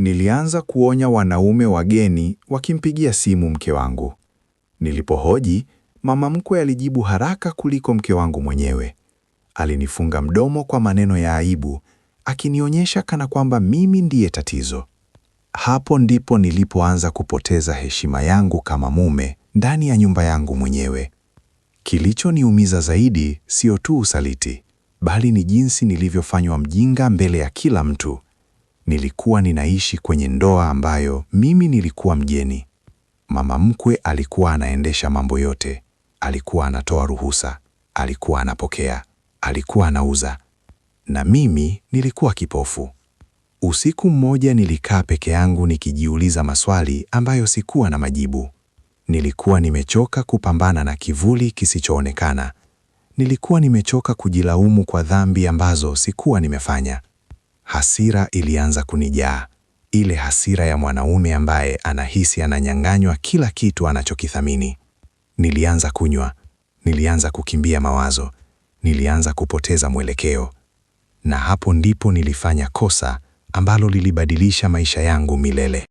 nilianza kuonya wanaume wageni wakimpigia simu mke wangu. Nilipohoji, mama mkwe alijibu haraka kuliko mke wangu mwenyewe. Alinifunga mdomo kwa maneno ya aibu, akinionyesha kana kwamba mimi ndiye tatizo. Hapo ndipo nilipoanza kupoteza heshima yangu kama mume ndani ya nyumba yangu mwenyewe. Kilichoniumiza zaidi sio tu usaliti, bali ni jinsi nilivyofanywa mjinga mbele ya kila mtu nilikuwa ninaishi kwenye ndoa ambayo mimi nilikuwa mgeni. Mama mkwe alikuwa anaendesha mambo yote, alikuwa anatoa ruhusa, alikuwa anapokea, alikuwa anauza, na mimi nilikuwa kipofu. Usiku mmoja nilikaa peke yangu nikijiuliza maswali ambayo sikuwa na majibu. Nilikuwa nimechoka kupambana na kivuli kisichoonekana. Nilikuwa nimechoka kujilaumu kwa dhambi ambazo sikuwa nimefanya hasira ilianza kunijaa, ile hasira ya mwanaume ambaye anahisi ananyang'anywa kila kitu anachokithamini. Nilianza kunywa, nilianza kukimbia mawazo, nilianza kupoteza mwelekeo, na hapo ndipo nilifanya kosa ambalo lilibadilisha maisha yangu milele.